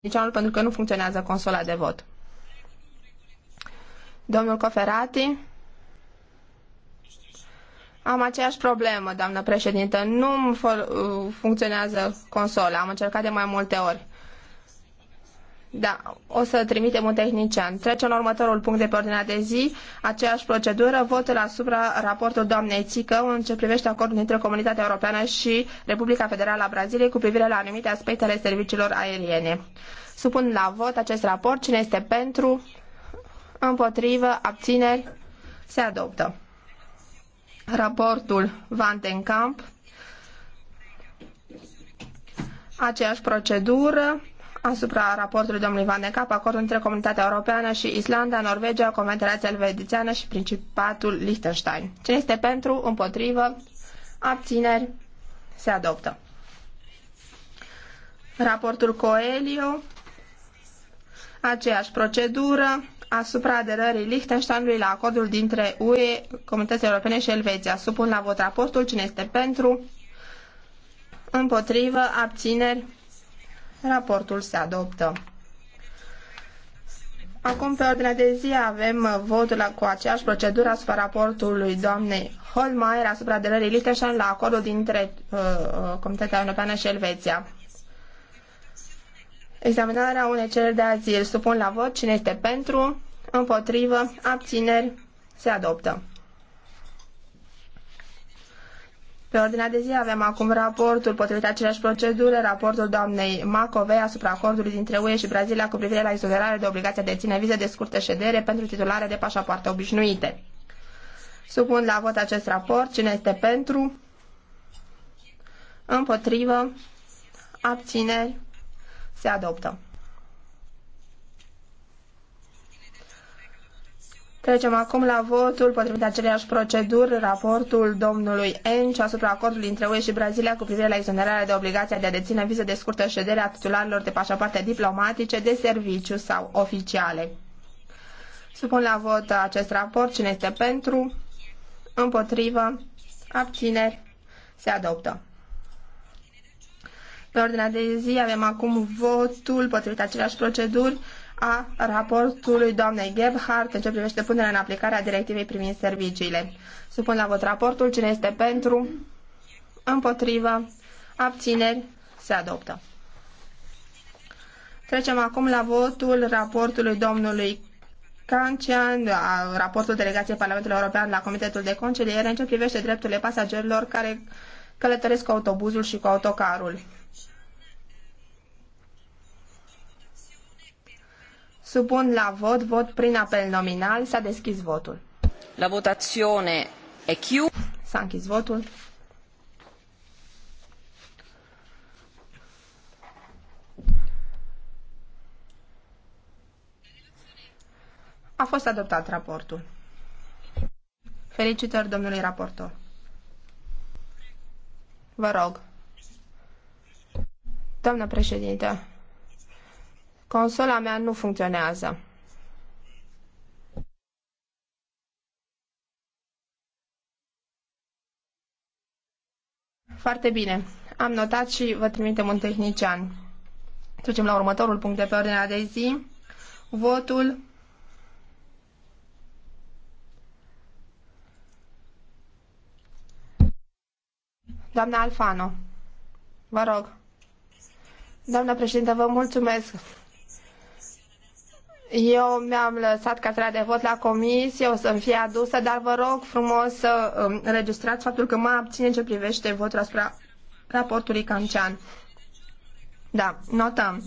nici pentru că nu funcționează consola de vot. Domnul Coferati? Am aceeași problemă, doamnă președintă. Nu uh, funcționează consola. Am încercat de mai multe ori. Da, o să trimitem un tehnician. Trecem la următorul punct de pe ordinea de zi, aceeași procedură, votul asupra raportul doamnei Țică în ce privește acordul dintre Comunitatea Europeană și Republica Federală a Braziliei cu privire la anumite aspecte ale serviciilor aeriene. Supun la vot acest raport. Cine este pentru? Împotrivă? Abțineri? Se adoptă. Raportul Van den Camp. Aceeași procedură asupra raportului domnului Van de Cap, acordul între Comunitatea Europeană și Islanda, Norvegia, Confederația Elvețiană și Principatul Liechtenstein. Cine este pentru, împotrivă, abțineri, se adoptă. Raportul Coelio, aceeași procedură asupra aderării Liechtensteinului la acordul dintre UE, Comunitatea Europene și Elveția. Supun la vot raportul. Cine este pentru? Împotrivă? Abțineri? Raportul se adoptă. Acum, pe ordinea de zi, avem votul cu aceeași procedură asupra raportului doamnei Holmeier asupra aderării Liechtenstein la acordul dintre uh, uh Comunitatea Europeană și Elveția. Examinarea unei cereri de azil supun la vot cine este pentru, împotrivă, abțineri, se adoptă. Pe ordinea de zi avem acum raportul potrivit aceleași procedură, raportul doamnei Macovei asupra acordului dintre UE și Brazilia cu privire la exonerare de obligația de ține vize de scurtă ședere pentru titulare de pașapoarte obișnuite. Supun la vot acest raport. Cine este pentru? Împotrivă? Abțineri? Se adoptă. Trecem acum la votul potrivit aceleiași proceduri, raportul domnului Enci asupra acordului între UE și Brazilia cu privire la exonerarea de obligația de a deține viză de scurtă ședere a titularilor de pașapoarte diplomatice, de serviciu sau oficiale. Supun la vot acest raport. Cine este pentru? Împotrivă? Abțineri? Se adoptă. Pe ordinea de zi avem acum votul potrivit aceleași proceduri a raportului doamnei Gebhardt în ce privește punerea în aplicare a directivei privind serviciile. Supun la vot raportul. Cine este pentru? Împotrivă? Abțineri? Se adoptă. Trecem acum la votul raportului domnului Cancian, raportul delegației Parlamentului European la Comitetul de Conciliere în ce privește drepturile pasagerilor care călătoresc cu autobuzul și cu autocarul. Supun la vot, vot prin apel nominal. S-a deschis votul. La votazione e chiu. S-a închis votul. A fost adoptat raportul. Felicitări domnului raportor. Vă rog. Doamnă președinte, Consola mea nu funcționează. Foarte bine. Am notat și vă trimitem un tehnician. Trecem la următorul punct de pe ordinea de zi. Votul Doamna Alfano, vă rog. Doamna președintă, vă mulțumesc. Eu mi-am lăsat cartela de vot la comisie, o să-mi fie adusă, dar vă rog frumos să um, înregistrați faptul că mă abține ce privește votul asupra raportului Cancian. Da, notăm.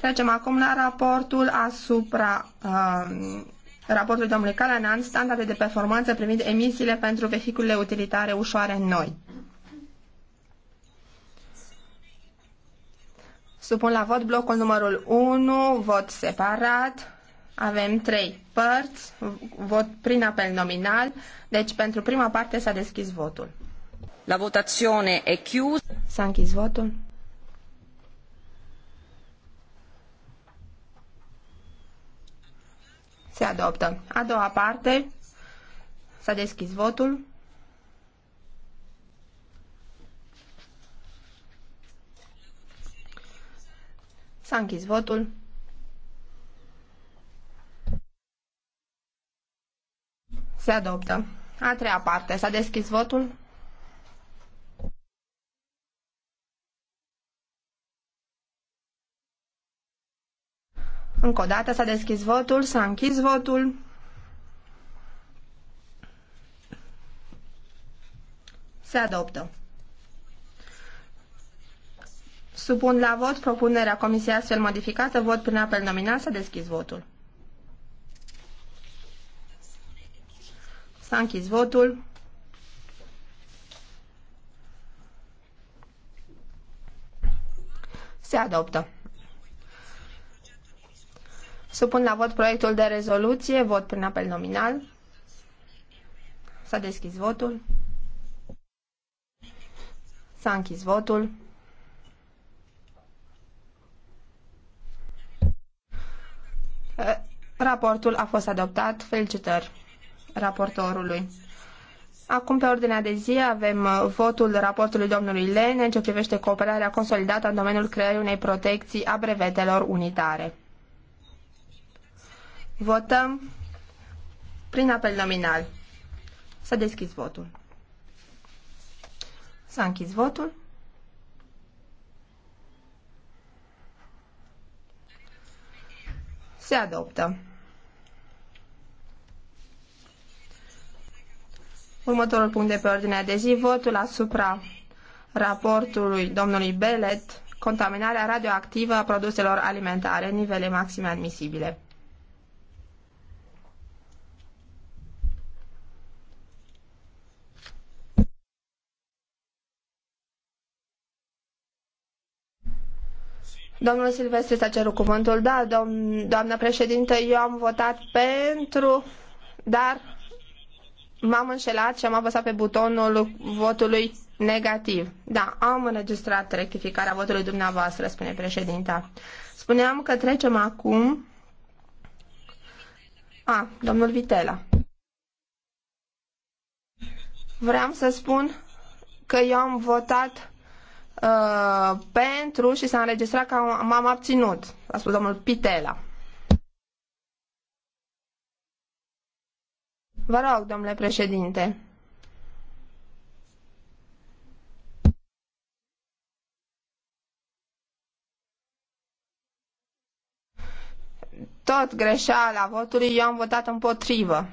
Trecem acum la raportul asupra uh, raportului domnului Calanan, standarde de performanță privind emisiile pentru vehiculele utilitare ușoare noi. Supun la vot blocul numărul 1, vot separat. Avem trei părți, vot prin apel nominal, deci pentru prima parte s-a deschis votul. La votazione e chiusa. S-a închis votul. Se adoptă. A doua parte s-a deschis votul. închis votul. Se adoptă. A treia parte. S-a deschis votul. Încă o dată s-a deschis votul, s-a închis votul. Se adoptă. Supun la vot propunerea comisiei astfel modificată. Vot prin apel nominal. S-a deschis votul. S-a închis votul. Se adoptă. Supun la vot proiectul de rezoluție. Vot prin apel nominal. S-a deschis votul. S-a închis votul. Raportul a fost adoptat. Felicitări raportorului. Acum, pe ordinea de zi, avem uh, votul raportului domnului Lene în ce privește cooperarea consolidată în domeniul creării unei protecții a brevetelor unitare. Votăm prin apel nominal. Să deschis votul. S-a închis votul. Se adoptă. Următorul punct de pe ordinea de zi, votul asupra raportului domnului Belet, contaminarea radioactivă a produselor alimentare, nivele maxime admisibile. Domnul Silvestre, s-a cerut cuvântul. Da, domn, doamnă președinte, eu am votat pentru, dar m-am înșelat și am apăsat pe butonul votului negativ. Da, am înregistrat rectificarea votului dumneavoastră, spune președinta. Spuneam că trecem acum... A, domnul Vitela. Vreau să spun că eu am votat uh, pentru și s-a înregistrat că m-am abținut, a spus domnul Pitela. Vă rog, domnule președinte. Tot greșeala votului, eu am votat împotrivă.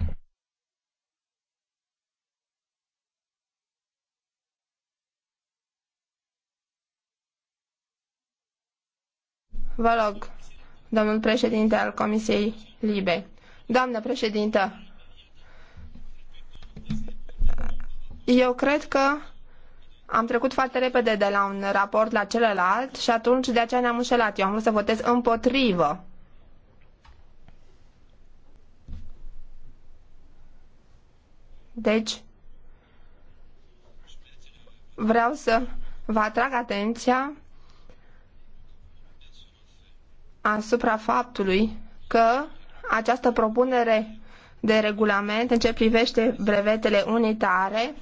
Vă rog, domnul președinte al Comisiei Libe. Doamnă președintă, Eu cred că am trecut foarte repede de la un raport la celălalt și atunci de aceea ne-am înșelat. Eu am vrut să votez împotrivă. Deci, vreau să vă atrag atenția asupra faptului că această propunere de regulament în ce privește brevetele unitare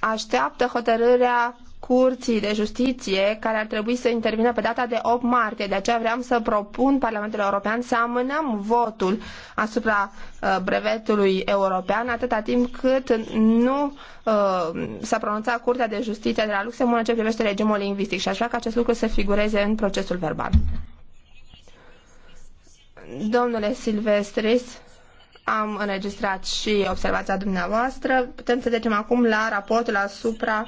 așteaptă hotărârea Curții de Justiție, care ar trebui să intervină pe data de 8 martie. De aceea vreau să propun Parlamentul European să amânăm votul asupra uh, brevetului european atâta timp cât nu uh, s-a pronunțat Curtea de Justiție de la Luxemburg în ce privește regimul lingvistic și aș vrea ca acest lucru să figureze în procesul verbal. Domnule Silvestris, am înregistrat și observația dumneavoastră. Putem să trecem acum la raportul asupra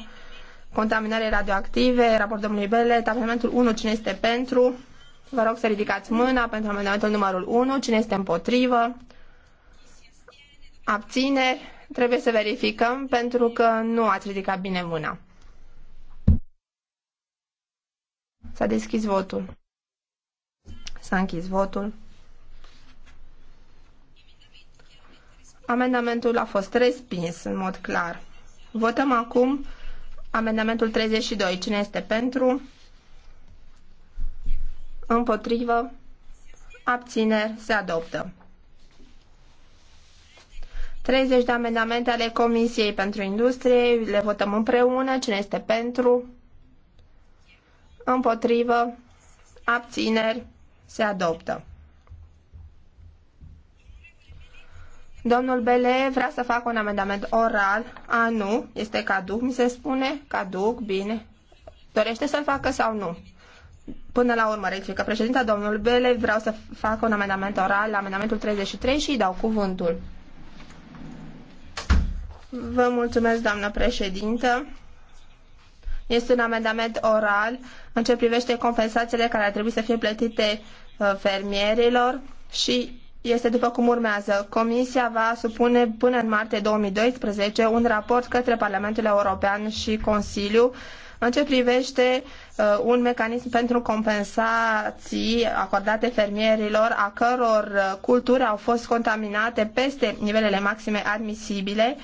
contaminării radioactive, raportul domnului Belet, amendamentul 1, cine este pentru? Vă rog să ridicați mâna pentru amendamentul numărul 1, cine este împotrivă? Abțineri? Trebuie să verificăm pentru că nu ați ridicat bine mâna. S-a deschis votul. S-a închis votul. Amendamentul a fost respins în mod clar. Votăm acum amendamentul 32. Cine este pentru? Împotrivă? Abțineri? Se adoptă. 30 de amendamente ale Comisiei pentru Industrie. Le votăm împreună. Cine este pentru? Împotrivă? Abțineri? Se adoptă. Domnul Bele vrea să facă un amendament oral. A, nu, este caduc, mi se spune. Caduc, bine. Dorește să-l facă sau nu? Până la urmă, rectifică președinta, domnul Bele, vreau să facă un amendament oral la amendamentul 33 și îi dau cuvântul. Vă mulțumesc, doamnă președintă. Este un amendament oral în ce privește compensațiile care ar trebui să fie plătite uh, fermierilor și este după cum urmează. Comisia va supune până în martie 2012 un raport către Parlamentul European și Consiliu în ce privește uh, un mecanism pentru compensații acordate fermierilor a căror uh, culturi au fost contaminate peste nivelele maxime admisibile uh,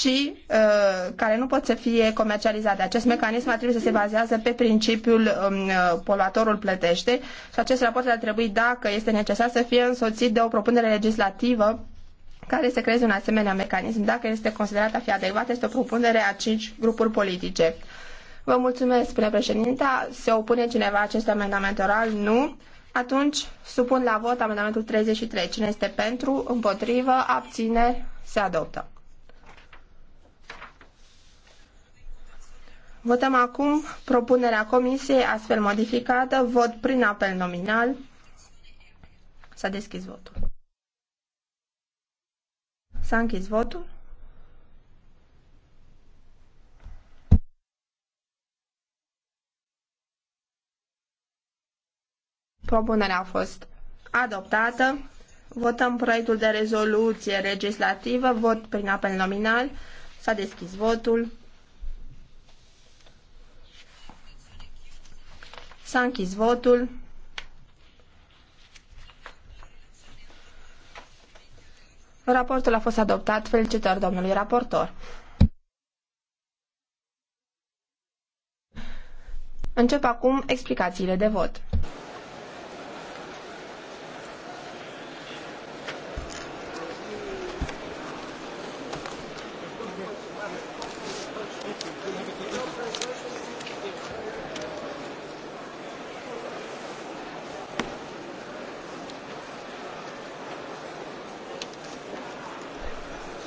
și uh, care nu pot să fie comercializate. Acest mecanism ar trebui să se bazează pe principiul um, uh, poluatorul plătește și acest raport ar trebui, dacă este necesar, să fie însoțit de o propunere legislativă care să creeze un asemenea mecanism. Dacă este considerat a fi adecvat, este o propunere a cinci grupuri politice. Vă mulțumesc, spune președinta. Se opune cineva acest amendament oral? Nu. Atunci supun la vot amendamentul 33. Cine este pentru, împotrivă, abține, se adoptă. Votăm acum propunerea comisiei astfel modificată. Vot prin apel nominal. S-a deschis votul. S-a închis votul. Propunerea a fost adoptată. Votăm proiectul de rezoluție legislativă. Vot prin apel nominal. S-a deschis votul. S-a închis votul. Raportul a fost adoptat. Felicitări domnului raportor. Încep acum explicațiile de vot.